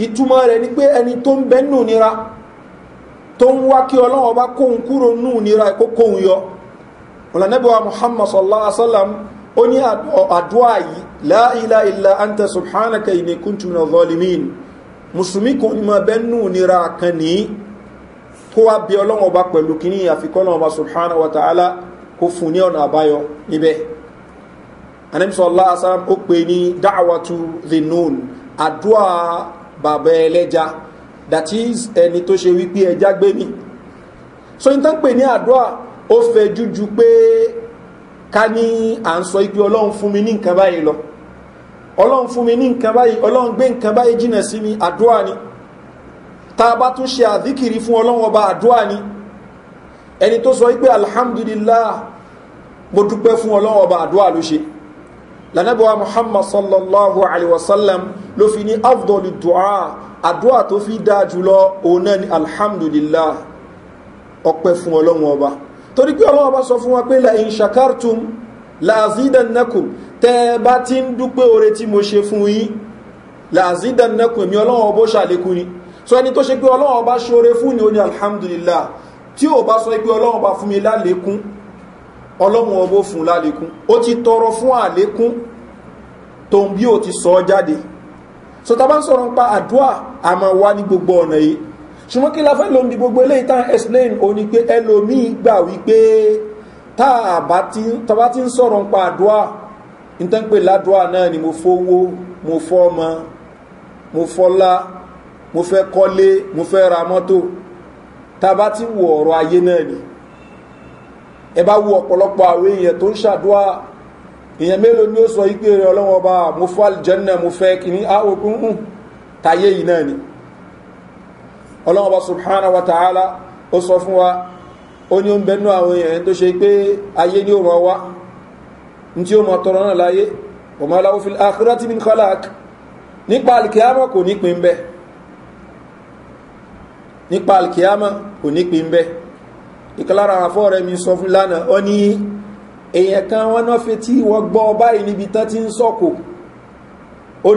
ìtumọ̀ rẹ̀ ni pé ẹni tó ń bẹ́ nù nira tó ń wá kí ọlọ́run ọba kóhun kúrò nù nira kó kóhun yọ ọ̀lànẹ́bọ̀wà muhammad sallallahu alaihi wasallam ó ní àdúwà yìí láìlá ilá àǹtà subhanaka ìní kúntùmínà zolimin musulmi kò ní ma bẹ́nu nira kan ní kó wá bí ọlọ́wọ́ bá pẹ̀lú kíní àfikọ́lọ́wọ́ bá subhanahu wa ta'ala kó fún ní ọ̀nà àbáyọ níbẹ̀ anẹ́bísọ̀lá asáram ó pè ní dáwàtú the known àdúwà bàbá ẹlẹ́ja that is ẹni tó ṣe wípé ẹja gbé mi so in tán pè ní àdúwà ó fẹ́ jújú pé ká ní à ń sọ ipe ọlọ́run fún mi ní nǹkan báyìí lọ ọlọ́run fún mi ní nǹkan báyìí ọlọ́run gbé nǹkan báyìí jìnà sí mi àdúrà ni tá a bá tún ṣe àdíkìrí fún ọlọ́run ọba àdúrà ni ẹni tó sọ wípé alhamdulillah mo dúpẹ́ fún ọlọ́run ọba àdúrà ló ṣe lànàbọ̀wá muhammad sallallahu alayhi wa sallam ló fi ní afdol dua àdúrà tó fi dáa jùlọ òun náà ni alhamdulillah ọpẹ́ fún ọlọ́run ọba torí pé ọlọ́wọ́ bá sọ fún wa pé la in shakartum la azidannakum tẹ́ bá ti ń dúpẹ́ oore tí mo ṣe fún yín la azidannakum èmi ọlọ́wọ́ bó ṣàlékún ni so ẹni tó ṣe pé ọlọ́wọ́ bá ṣoore fún ni ó ní alhamdulillah tí ò bá sọ pé ọlọ́wọ́ bá fún mi lálékún ọlọ́wọ́ ọbó fún lálékún ó ti tọrọ fún àlékún tó ń bí ó ti sọ jáde so ta bá ń sọ̀rọ̀ ń pa àdúà àmọ́ wá ní gbogbo ọ̀nà yìí ṣùgbọ́n kí la fẹ́ lòun di gbogbo eléyìí tán explain o ni pé ẹlòmíì gbà wípé tá a bá ti ń sọ̀rọ̀ ń pa àdúrà ní tán pé ládùúà náà ni mo fowó mo fọ́mọ mo fọ́lá mo fẹ́ kọ́lé mo fẹ́ ra mọ́tò tá a bá ti wọ ọ̀rọ̀ ayé náà ni ẹ bá wo ọ̀pọ̀lọpọ̀ àwọn èèyàn tó ń ṣàdúrà èèyàn mélòó ni ó sọ ìpè rẹ ọlọ́wọ́n ọba mo fọ́ àlìjẹ́ náà mo fẹ́ kìíní á òkun hùn yìí náà ni ọlọ́wọ́ba subhana wa ta'ala ó sọ fún wa ó ní ó ń bẹnu àwọn èèyàn tó ṣe pé ayé ní òun ọwá ní tí ó mọ̀ tọrọ náà láyé ọmọ aláwọ̀ fi àkírá tí mi ń kọ́láàkì nípa alkiyama kò ní pin bẹ́ nípa alkiyama kò ní pin bẹ́ ìkọlára àfọ́ rẹ̀ mi sọ fún lánàá ọ ní èèyàn kan wọ́n náà fi tí wọ́n gbọ́ báyìí níbi tán ti ń sọ́kò ó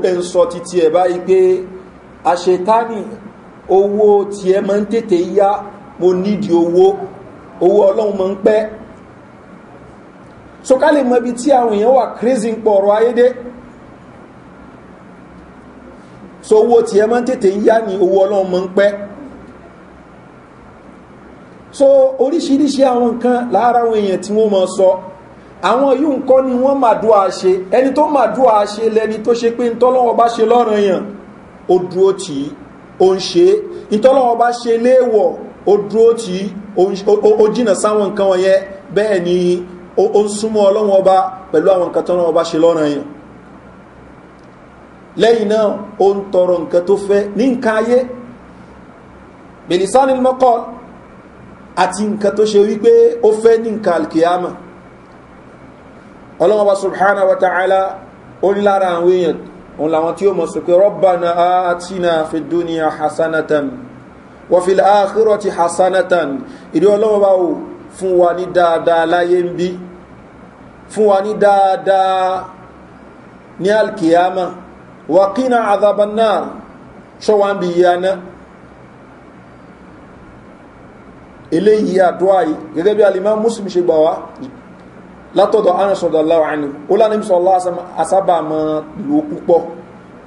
rẹ̀ ń sọ títí ẹ̀ báyìí pé àṣetáni owó tí ẹ máa ń tètè yá mo nídìí owó owó ọlọ́run máa ń pẹ́ so ká lè mọ ibi tí àwọn èèyàn wà crazy ń pọ̀ ọ̀rọ̀ ayédé so owó tí ẹ máa ń tètè yá ni owó ọlọ́run máa ń pẹ́ so oríṣiríṣi àwọn nǹkan lára àwọn èèyàn tí wọ́n máa sọ àwọn yìí nǹkan ni wọ́n màdúà ṣe ẹni tó màdúà ṣe lẹni tó ṣe pé ń tọ́lọ́wọ́ bá ṣe lọ́rùn èèyàn ó dúró tì í o ń ṣe ìtọ́lọ́wọ́ bá ṣe léèwọ̀ o dúró tí o jìnà sáwọn nǹkan wọ̀nyẹn bẹ́ẹ̀ ni o ń súnmọ́ ọlọ́wọ́ ọba pẹ̀lú àwọn nǹkan tọ́lọ́wọ́ ọba ṣe lọ́rọ̀ yẹn lẹ́yìn náà o ń tọrọ nǹkan tó fẹ́ ní nǹkan ayé belisanil mọ́kọ́ àti nǹkan tó ṣe wípé ó fẹ́ ní nǹkan alkiyama ọlọ́wọ́ ọba subhanahu wa ta'ala ó ń lára àwọn èèyàn òun làwọn tí ó mọ̀ sí pé rọ́bàna àtìnà fi dúnìyà hasanatan wọ́fí àkírọ̀ ti hasanatan ìdí ọlọ́wọ́ bá wò fún wa ní dáadáa láyé ń bí fún wa ní dáadáa ní alkiyama wà kí na àzàbánà ṣọ́wà bí yaná eléyìí àdúwà gẹ́gẹ́ bí alimá muslim ṣe gbà wá látọ̀dọ̀ anasọ̀dọ̀láwà ní olánimsọ̀lá asábàmọ́ lò púpọ̀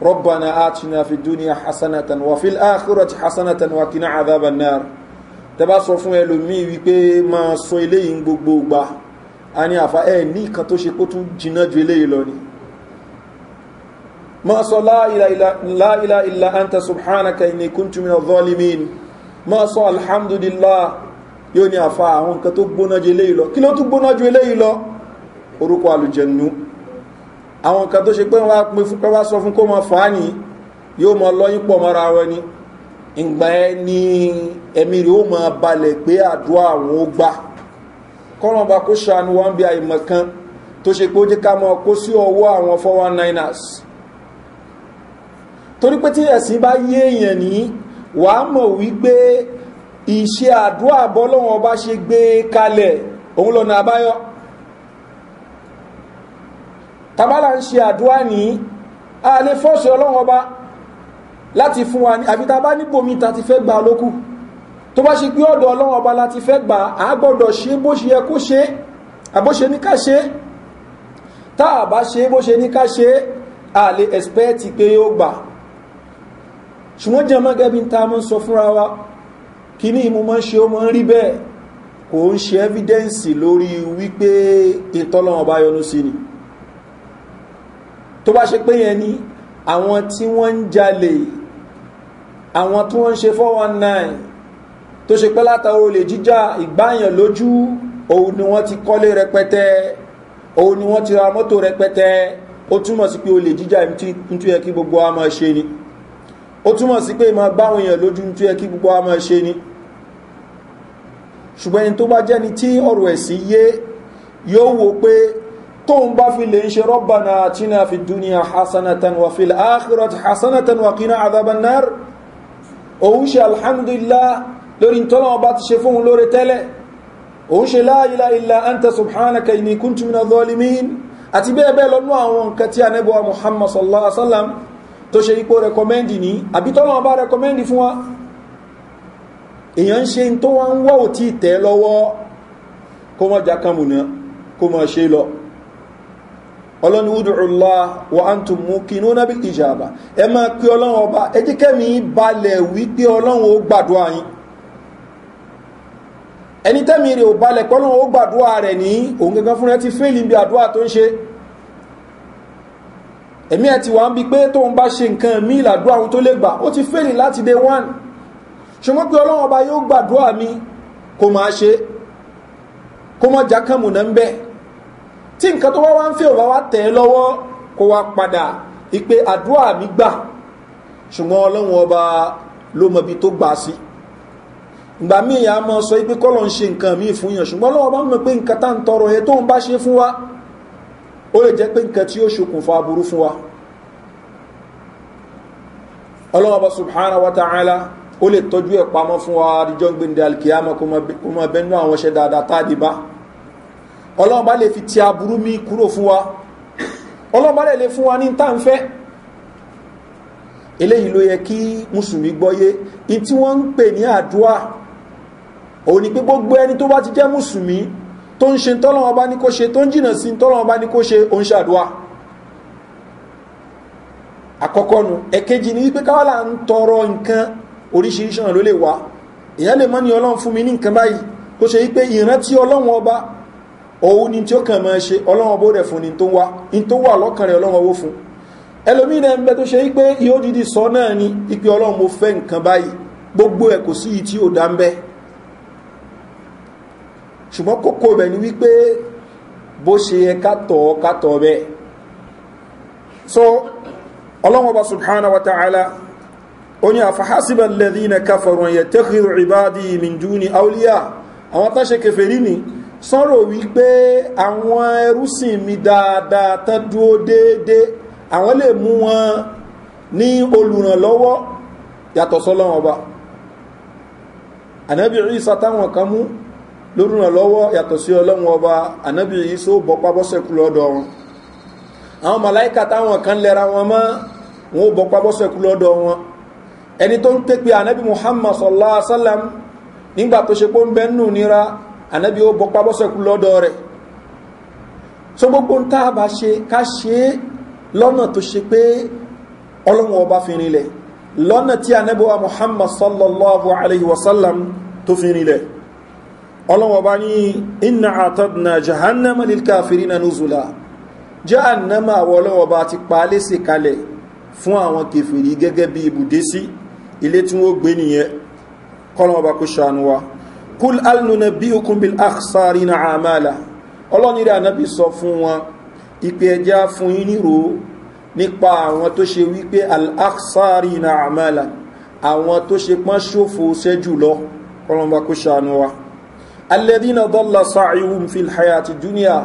rọ́bàna àtúnyà fi dúnìyà hasanatan wà fíl ákúrọ̀tí hasanatan wà kí ní àdábànáà tẹbá sọ fún ẹlòmí wípé ma sọ eléyìn gbogbo gbà a ní àfá ẹ ní ìkan tó ṣe kó tún jiná ju eléyìí lọ ni ma sọ láìlá ilá anta subhanaka ní kúntùmínà zọlimin ma sọ alhamdulillah yóò ní àfá àwọn nǹkan tó gbóná ju eléyìí lọ kí ló tún gbóná ju eléyìí lọ orúkọ alùjẹ̀nú àwọn nǹkan tó ṣe pé wọ́n pín fún pẹ́wàá sọ fún kó mọ fàání yóò mọ lọ́yìn pọ̀ mọ́ra wọn ni ìgbà ẹ ní ẹ̀mí rẹ̀ ó mọ balẹ̀ pé àdúrà àwọn ó gbà kọ́ràn bá kó ṣàánú wọn bí àìmọ̀ kan tó ṣe pé ó jẹ́ ká mọ kó sí ọwọ́ àwọn 419ers torí pé tí ẹ̀sìn bá yé èèyàn ní wàá mọ̀ wípé iṣẹ́ àdúrà bọ́lọ́wọ́n bá ṣe gbé kalẹ̀ òun lọ́nà àbáyọ́ tabala ń ṣe àdúrà ní a lè fọ́ọ̀ṣì ọlọ́run ọba láti fún wa ní àfi tabá níbòmí ta ti fẹ́ gbà lókù tó bá ṣe pé ọ̀dọ̀ ọlọ́run ọba láti fẹ́ gbà á gbọ́dọ̀ ṣe bó ṣe yẹ kó ṣe àbó ṣe ní ká ṣe tá a bá ṣe bó ṣe ní ká ṣe a lè ẹ̀spẹ́ẹ̀tì pé ó gbà ṣùgbọ́n jẹ́ mọ́gẹ́bí ta mọ́ sọ fúnra wa kí ní mo mọ́ ṣe ó mọ́ rí bẹ́ẹ̀ kò ń ṣe ẹ́fídẹ́ǹsì lórí wípé ìtọ́lọ́wọ́n yọnu sí ni. Evidence, tó bá ṣe pé yẹn ni àwọn tí wọ́n ń jalè àwọn tí wọ́n ń ṣe 419 tó ṣe pé látàrí olè jíjà ìgbáyàn lójú òun ni wọ́n ti kọ́lé rẹpẹtẹ òun ni wọ́n ti ra mọ́tò rẹpẹtẹ ó túmọ̀ sí pé olè jíjà ìtú yẹ kí gbogbo a máa ṣe ni ó túmọ̀ sí pé ìmọ̀ báwọn èèyàn lójú ìtú yẹ kí gbogbo a máa ṣe ni ṣùgbọ́n ẹni tó bá jẹ́ni tí ọ̀rọ̀ ẹ̀sìn yé yóò wo pé tóun bá fi lè ń ṣe rọ́bàna àti náà fi dúnìyà hasanatan wa fil akhirat hasanatan wa kina azabannar òun ṣe alhamdulillah lórí tọ́lọ̀ ọba ti ṣe fóun lórí tẹ́lẹ̀ òun ṣe láàílá ilá anta subhanaka ini kuntumina zolimin àti bẹ́ẹ̀ bẹ́ẹ̀ lọ́nà àwọn nǹkan tí a nẹ́bọ̀ muhammad sallallahu alaihi wasallam tó ṣe ipò rẹkọmẹ́ndì ní àbí tọ́lọ̀ ọba rẹkọmẹ́ndì fún wa èèyàn ṣe tó wá ń wá òtí tẹ́ lọ́wọ́ kó mọ́ jakamù náà kó mọ́ ṣe lọ́wọ́ ọlọ́ni wúdùrùlá wa á ń tún mú kí inú náà bí ìjàmbá ẹ máa pé ọlọ́run ọba ẹ jẹ́ kẹ́mi balẹ̀ wípé ọlọ́run ó gbàdúrà yín ẹni tẹ́mi rẹ̀ ò balẹ̀ pé ọlọ́run ó gbàdúrà rẹ̀ ní òun gangan fúnra ti fẹ́ẹ̀lì bí àdúrà tó ń ṣe ẹ̀mí ẹ̀ ti wà ń bi pé tóun bá ṣe nǹkan mí ìlàdúrà òun tó lè gbà ó ti fẹ́ẹ̀lì láti day one ṣùgbọ́n pé ọlọ́run ọba yóò gbàdúrà mi kò máa ṣe kó mọ́ jákàmù náà ń bẹ́ẹ̀ tí nǹkan tó wá wá ń fẹ́ ò wá tẹ̀ ẹ́ lọ́wọ́ kó wá padà ipe àdúrà mi gbà ṣùgbọ́n ọlọ́run ọba ló mọbi tó gbà sí ìgbà míì mọ́ sọ ipe kọlọ ń ṣe nǹkan míì fún yàn ṣùgbọ́n ọlọ́run ọba mọ̀ pé nǹkan tá ń tọrọ wa ó lè jẹ́ pé nǹkan tí ó ṣokùnfà aburú fún wa ọlọ́run ọba subhanahu wa ta'ala lè tọ́jú ẹ̀ pamọ́ wa àdìjọ́ gbẹ̀ndẹ̀ alkiyama kó mọ ọlọ́run bá lè fi ti aburú mi kúrò fún wa ọlọ́run bá lè lè fún wa ní tá ń fẹ́ eléyìí ló yẹ kí mùsùlùmí gbọ́yé in tí wọ́n ń pè ní àdúà òun ni pé gbogbo ẹni tó bá ti jẹ́ mùsùlùmí tó ń ṣe tọ́lọ́wọ́n bá ní kó ṣe tó ń jìnà sí tọ́lọ́wọ́n bá ní kó ṣe òun ṣàdúà àkọ́kọ́ nu ẹ̀kejì ni wípé káwàlà ń tọrọ nǹkan oríṣiríṣi náà ló lè wá èèyàn lè mọ́ ní ọlọ́run fún mi ní nǹkan báyìí kó ṣe wípé ìrántí ọlọ́run ọba òun ni tí ó kàn máa ṣe ọlọ́wọ́n bó rẹ̀ fún ni tó wá in tó wà lọ́kàn rẹ̀ ọlọ́wọ́n wó fún ẹlòmínà ń bẹ tó ṣe wípé yóò dídí sọ náà ni ipe ọlọ́run mo fẹ́ nǹkan báyìí gbogbo ẹ̀ kò sí yìí tí ó dá ń bẹ́ ṣùgbọ́n kókó rẹ̀ ni wípé bó ṣe yẹ kátọ̀ kátọ̀ bẹ́ẹ̀ so ọlọ́run ọba subhanahu wa ta'ala ó ní lẹ́dínà káfọ̀rọ̀ yẹ tẹ́kìrì ìbádìí mìndúni aulia àwọn táṣe kẹfẹ́rí ni sọ̀rọ̀ wípé àwọn ẹrúsìn mi dáadáa tán dúó déédé àwọn lè mú wọn ní olùrànlọ́wọ́ yàtọ̀ sọ́lọ́wọ́n ọba ànábì Ìsá táwọn kan mú lórúnlọ́wọ́ yàtọ̀ sí ọlọ́wọ́n ọba ànábì Ìsá ó bọ́pá bọ́sẹ̀kù lọ́dọ̀ wọn àwọn màláìka táwọn kan lẹ́ra wọn mọ́ wọn ó bọ́pá bọ́sẹ̀kù lọ́dọ̀ wọn ẹni tó ń tẹ́pẹ́ ànábì Muhammad sallallahu alaihi wasallam nígbà tó ṣe pé ń bẹ́ẹ̀ nù nira ànábì ó bọ́ pábọ́sẹ̀kú lọ́dọ̀ rẹ̀ so gbogbo tá a bá ṣe ká ṣe é lọ́nà tó ṣe pé ọlọ́run ọba fi rinlẹ̀ lọ́nà tí ànábì wa muhammad sallallahu alayhi wa sallam tó fi rinlẹ̀ ọlọ́run ọba ní iná àtọ́dùnà jahannama lilkafiri na nuzula jahannama àwọn ọlọ́run ọba ti pa lẹ́sẹ̀ kalẹ̀ fún àwọn kẹfìrí gẹ́gẹ́ bí ibùdé sí ilé tí wọ́n gbé nìyẹn kọ́lọ́run ọba kò ṣàánú wa kúl alùnà bí okùn bí àṣàrí na àmàlà ọlọ́nirẹ̀ ànábì sọ fún wọn ìpẹ ẹjá fún yínírò nípa àwọn tó ṣe wípé àṣàrí na àmàlà àwọn tó ṣe pọ́n ṣòfò sẹ́jù lọ ọlọ́mbà kó ṣàánú wa alẹ́dínà dọ́là sàáyíwùm fi hayàtì dúníà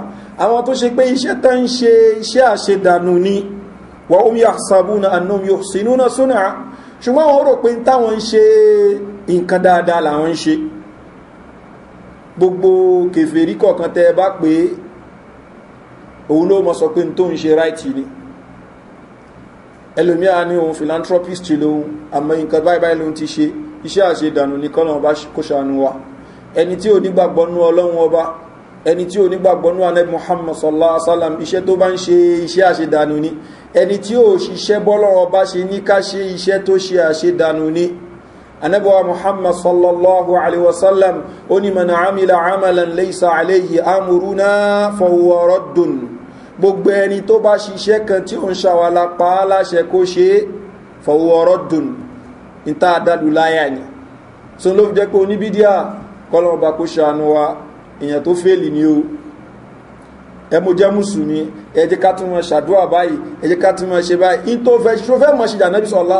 àwọn tó ṣe pé iṣẹ́ tán ń ṣe iṣẹ́ àṣedànù ni wà ó àṣàbù na anum yóò sínú na súnà ṣùgbọ́n wọ́n rò pé táwọn ń ṣe nǹkan dáadáa làwọn ń ṣe gbogbo kèfèrí kọ̀ọ̀kan tẹ́ bá pé òun ló mọ́ sọ pé tó ń ṣe ráìtì ni ẹlòmíà ní òun philanthropist lòun àmọ́ nǹkan báyìí báyìí lòun ti ṣe iṣẹ́ àṣedànù ní kọ́nà ọba kó ṣàánú wa ẹni tí ò nígbàgbọ́ nú ọlọ́run ọba ẹni tí ò nígbàgbọ́ nú anẹ́ muhammad sallallahu alaihi wasallam iṣẹ́ tó bá ń ṣe iṣẹ́ àṣedànù ni ẹni tí ò ṣiṣẹ́ bọ́lọ́rọ̀ ọba ṣe ní ká ṣe iṣẹ́ tó ṣe àṣedànù ni anabiwa muhammad sallallahu alaihi wasallam ó ní mana amila amalan leisa alayhi amuruna fọwọ́rọ́ dùn gbogbo ẹni tó bá ṣiṣẹ́ kan tí ó ń ṣàwàlà pa á láṣẹ kó ṣe fọwọ́rọ́ dùn níta àdàlù láyà ni so ló fi jẹ́ pé oníbídíà kọ́lọ̀ ọba kó ṣàánú wa èèyàn tó fèèlì ni o ẹmú jẹ́ mùsùlùmí ẹjẹ́ ká tún mọ̀ ṣàdúrà báyìí ẹjẹ́ ká tún mọ̀ ṣe báyìí in tó fẹ́ mọ̀ ṣe jà náà bí sọ ọlá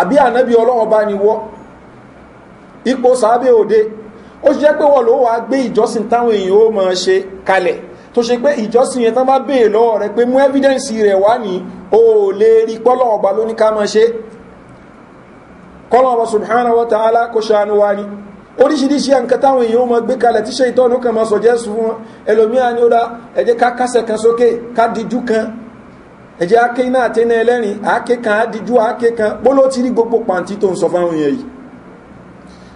àbí anabi ọlọ́wọ́ bá ní wọ́ ipò sàábé òde ó ṣe jẹ́ pé wọ́n ló wà gbé ìjọsìn táwọn èèyàn ó máa ṣe kalẹ̀ tó ṣe pé ìjọsìn yẹn tán bá béè lọ́wọ́ rẹ pé mú ẹ́fídẹ́ǹsì rẹ̀ wá o lè rí pọ́lọ́wọ́ bá lóní ká máa ṣe kọ́lọ́wọ́ subhana wa ta'ala kó ṣàánú wa ni oríṣiríṣi táwọn èèyàn ó máa gbé kalẹ̀ ìtọ́nù kan máa sùn wọn ẹlòmíà kan ẹjẹ́ ake iná àti iná ẹlẹ́rin ake kan adiju ake kan bóló ti rí gbogbo pàǹtí tó ń sọ fáwọn èèyàn yìí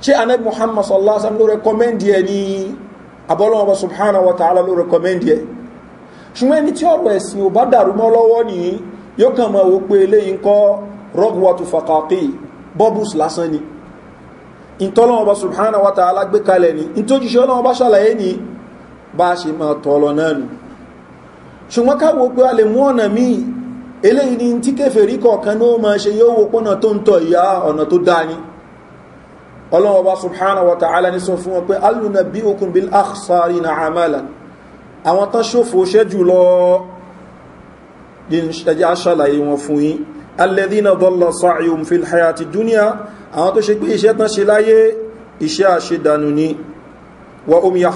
ṣé anabi muhammad sallallahu alaihi sallam ló rẹkọmẹ́ndì ẹ ní abọ́lọ́wọ́ bá subhanahu wa ta'ala ló rẹkọmẹ́ndì ẹ ṣùgbọ́n ẹni tí ọ̀rọ̀ ẹ̀sìn ò bá dàrú mọ́ lọ́wọ́ yóò kàn máa pé eléyìí ń kọ́ ni ìtọ́lọ́wọ́ bá subhanahu wa ta'ala gbé kalẹ̀ ni ìtọ́júṣe ọlọ́wọ́ bá ṣàlàyé ṣùgbọ́n káwò pé a lè mú ọ̀nà míì eléyìí ni tí kéfèrí kọ̀ọ̀kan ní ó ma ṣe yóò wo pọ́nà tó ń tọ̀ ìyá ọ̀nà tó dáa ní ọlọ́wọ́ bá subhanahu wa ta'ala ní sọ fún wọn pé alùnà bí okùn bí àṣàrí na àmàlà àwọn tán ṣòfò ṣẹ́ jù lọ ẹjẹ́ aṣàlàyé wọn fún yí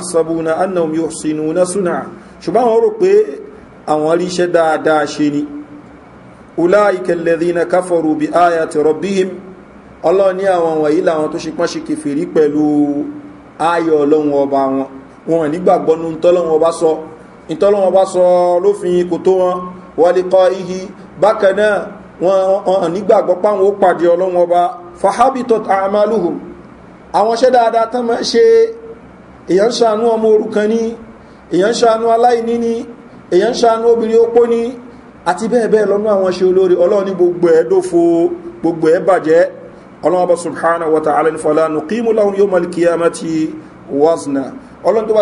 ṣùgbọ́n àwọn rò pé àwọn ríṣẹ́ dáadáa ṣe ni ulaikẹlẹ́dínà káfọ̀rù bí áyà ti rọ̀bíhìm ọlọ́run ní àwọn wọ̀nyí làwọn tó ṣe pọ́n ṣe kẹfìrí pẹ̀lú ayọ̀ ọlọ́run ọba wọn wọn nígbàgbọ́ nu ntọ́lọ́run ọba sọ lófin kò tó wọn wọlé kọ́ ihi bákan náà wọn nígbàgbọ́ páwọn ó pàdé ọlọ́run ọba fahabitot amaluhum àwọn ṣẹ́ dáadáa tán máa ṣe èèyàn ṣàánú ọmọ orúkan ní èèyàn ṣàánú aláìní ní èyàn ṣàánú obìnrin ó pó ní àti bẹ́ẹ̀ bẹ́ẹ̀ lọ́nà àwọn ṣe olóri ọlọ́run ní gbogbo ẹ̀ dófo gbogbo ẹ̀ bàjẹ́ ọlọ́run ọba subhanahu wa ta'ala ní fọlá nù kí mú láhùn yóò mọ̀lì kíyàmá ti wọ́snà ọlọ́run tó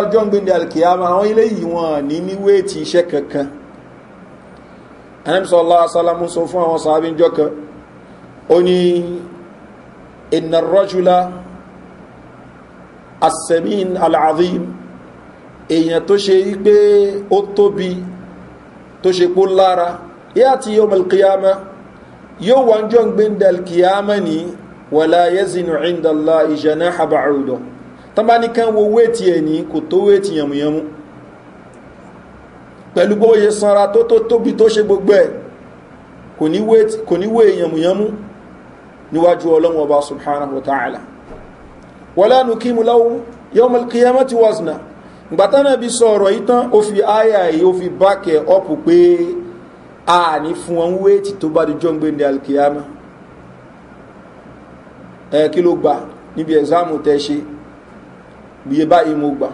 èèyàn tó ṣe wípé ó tóbi tó ṣe pó lára yé àti yóò mọ̀lkìyàmá yóò wà ń jọ gbẹ́ndàlkìyàmá ní wàlá yẹ́zìnù ìndàlá ìṣẹ̀nà àbàrùdọ̀ tọ́bá ní kán wo wéètì ẹ̀ ní kò tó wéètì yàmùyàmù pẹ̀lú bó yẹ sanra tó tó tóbi tó ṣe gbogbo ẹ̀ kò ní wé yàmùyàmù níwájú ọlọ́wọ́ subhanahu wa ta'ala wàlá nù kí mu láwọ́ yóò mọ̀lkìyàmá ti wàzìnà gbàtánà bí sọ̀rọ̀ yìí tán ó fi àyà yìí ó fi bákẹ̀ ọ̀pù pé a ní fún wọn wéètì tó bá dojọ́ ń gbé ní alkiyama ẹ kí ló gbà níbi ẹ̀zámù tẹ́ ṣe bíye báyìí mo gbà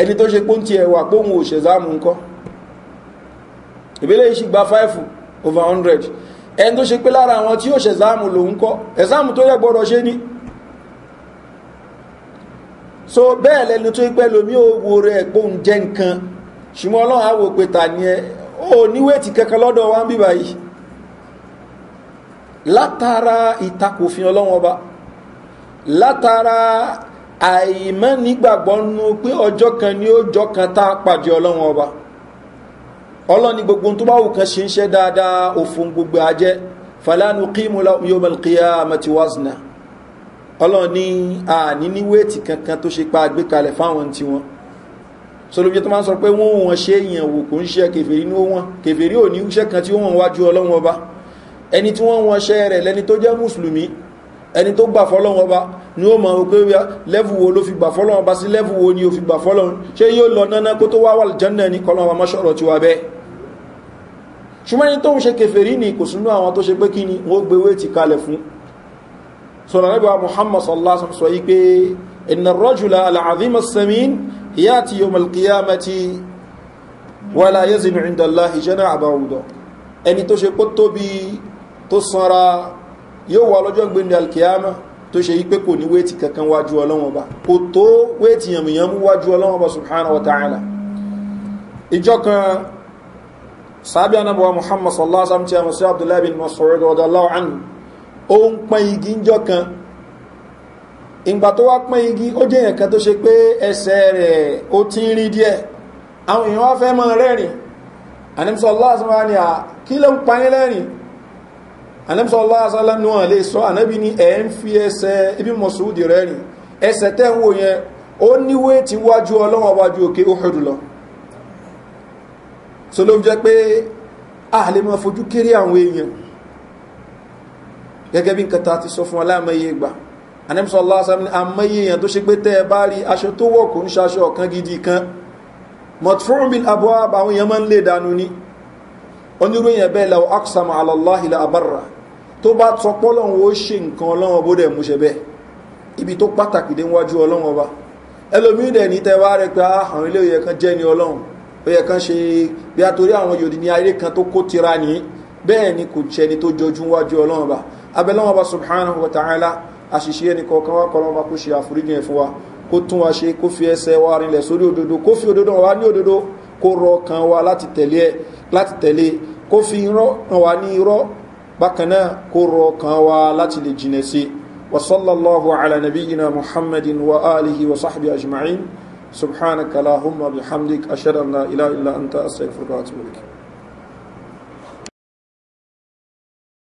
ẹni tó ṣe pọ́ntì ẹ̀ wà pé òun ò ṣẹ̀zámù ńkọ́ ìbílẹ̀ yìí sì gba five over hundred ẹni tó ṣe pé lára àwọn tí yóò ṣẹ̀zámù lòun kọ́ ẹ̀zámù tó yẹ gbọ́dọ̀ ṣe ni so bẹ́ẹ̀ lẹni tó pẹ́ lomi ó wo rẹ̀ gbóhùn jẹ́ nǹkan ṣùgbọ́n ọlọ́run á wò pé ta ni ẹ ó níwèétì kankan lọ́dọ̀ wa ń bí báyìí látara ìtakòfin ọlọ́run ọba látara àìmọ́ nígbàgbọ́ nu pé ọjọ́ kan ni ó jọ kan tá a pàdé ọlọ́run ọba ọlọ́ni gbogbo tó bá wù kan ṣe ń ṣe dáadáa òfin gbogbo ajẹ́ falanu kí mu yóò mọ̀ kíyà mẹ́tíwázìnà ọlọ́run ní àní ní wéètì kankan tó ṣe pa gbé kalẹ̀ fáwọn tí wọn solomjẹ tó máa ń sọ pé wọ́n wọn ṣe èèyàn wò kò ń ṣe kèfèrí ní wọn kèfèrí ò ní iṣẹ́ kan tí wọ́n wájú ọlọ́run ọba ẹni tí wọ́n wọn ṣe rẹ̀ lẹni tó jẹ́ mùsùlùmí ẹni tó gbà fọ́lọ́run ọba ni ó mọ̀ pé lẹ́fù wo ló fi gbà fọ́lọ́run ọba sí lẹ́fù wo ni ó fi gbà fọ́lọ́run ṣé yóò lọ náná kó tó wá wà jẹ́nà ní kọlọ́run ọba mọ́ṣọ́rọ̀ tí wà bẹ́ẹ̀ ṣùgbọ́n ẹni tó ń ṣe kèfèrí ni kò súnú àwọn tó ṣe pé kí ni wọ́n gbé wéètì kalẹ̀ fún sọ̀rọ̀ níbi wa muhammad sallallahu alaihi wasallam sọ yí pé iná rọ́jùlá alàzímọ̀ samin ya ti yóò malkiyamati wàlá yẹ́ zinu ìdàlá ìjẹ́nà àbáwùdọ̀ ẹni tó ṣe pó tóbi tó sanra yóò wà lọ́jọ́ gbẹ̀ndì alkiyama tó ṣe yí pé kò ní wéètì kankan wájú ọlọ́wọ́n ba kò tó wéètì yàmùyàmù wájú ọlọ́wọ́n ba subhanahu wa ta'ala ìjọ kan sábẹ́ anábọ̀wá muhammad sallallahu alaihi wasallam abdullahi bin masoud ọ̀dọ̀ ó ń pọ́n igi ń jọ kan ìgbà tó wá pọ́n igi ó jẹ́ ẹ̀kan tó ṣe pé ẹsẹ̀ rẹ̀ ó ti ń rí díẹ̀ àwọn èèyàn wá fẹ́ mọ́ rẹ́rìn ànímsọ aláàsánwá ni à kí ló ń parí lẹ́rìn ànímsọ aláàsánwá ní wọn lè sọ ànábì ní ẹ̀ ń fi ẹsẹ̀ ibi mọ̀sùlùdì rẹ́rìn ẹsẹ̀ tẹ́ ń wò yẹn ó níwé tí wájú ọlọ́wọ́ wájú òkè ó hùdù lọ so ló ń jẹ́ pé a lè mọ́ fojú kéré àwọn èèyàn gẹ́gẹ́ bí nǹkan ta ti sọ fún aláàmọ́yé gbà anẹ́mùsọ aláàsán ní àmọ́yé èèyàn tó ṣe pé tẹ́ ẹ bá rí aṣọ tó wọ̀ kò ń ṣaṣọ ọ̀kan gidi kan mọ̀tífọ́rùn bí abọ́ àbáwọn èèyàn máa ń lè dànù ní onírú èèyàn bẹ́ẹ̀ lọ aksam alọ́láhì àbára tó bá tọ pọ́lọ́hún ó ṣe nǹkan ọlọ́wọ́ bó dẹ̀ múṣẹ bẹ́ẹ̀ ibi tó pàtàkì dé wájú ọlọ́wọ́ ọba ẹlòmíín dẹ̀ ní tẹ́wá rẹ pé ah, àwọn ilé òye kan jẹ́ ni ọlọ́run òye kan ṣe bí a torí àwọn yòdì ní ayé kan tó kó tira ní bẹ́ẹ̀ ni kò jẹni tó jọjú wájú ọlọ́run ọba abẹ́lọ́wọ́ bá subhanahu wa ta'ala àṣìṣe ẹni kọ̀ọ̀kan wá kọ́lọ́wọ́ kó ṣe àforíjìn fún wa kó tún wa ṣe kó fi ẹsẹ̀ wa rinlẹ̀ sórí òdodo kó fi òdodo wa ní òdodo kó rọ kan wa láti tẹ̀lé e, kó fi ràn wa ní irọ́ bákan náà kó rọ kan wa láti lè jìnà sí wasallallahu ala nabiyina muhammadin wa alihi wa sahbihi ajma'in subhanaka lahumma bihamdik ashhadu la ilaha illa anta astaghfiruka wa atubu ilayk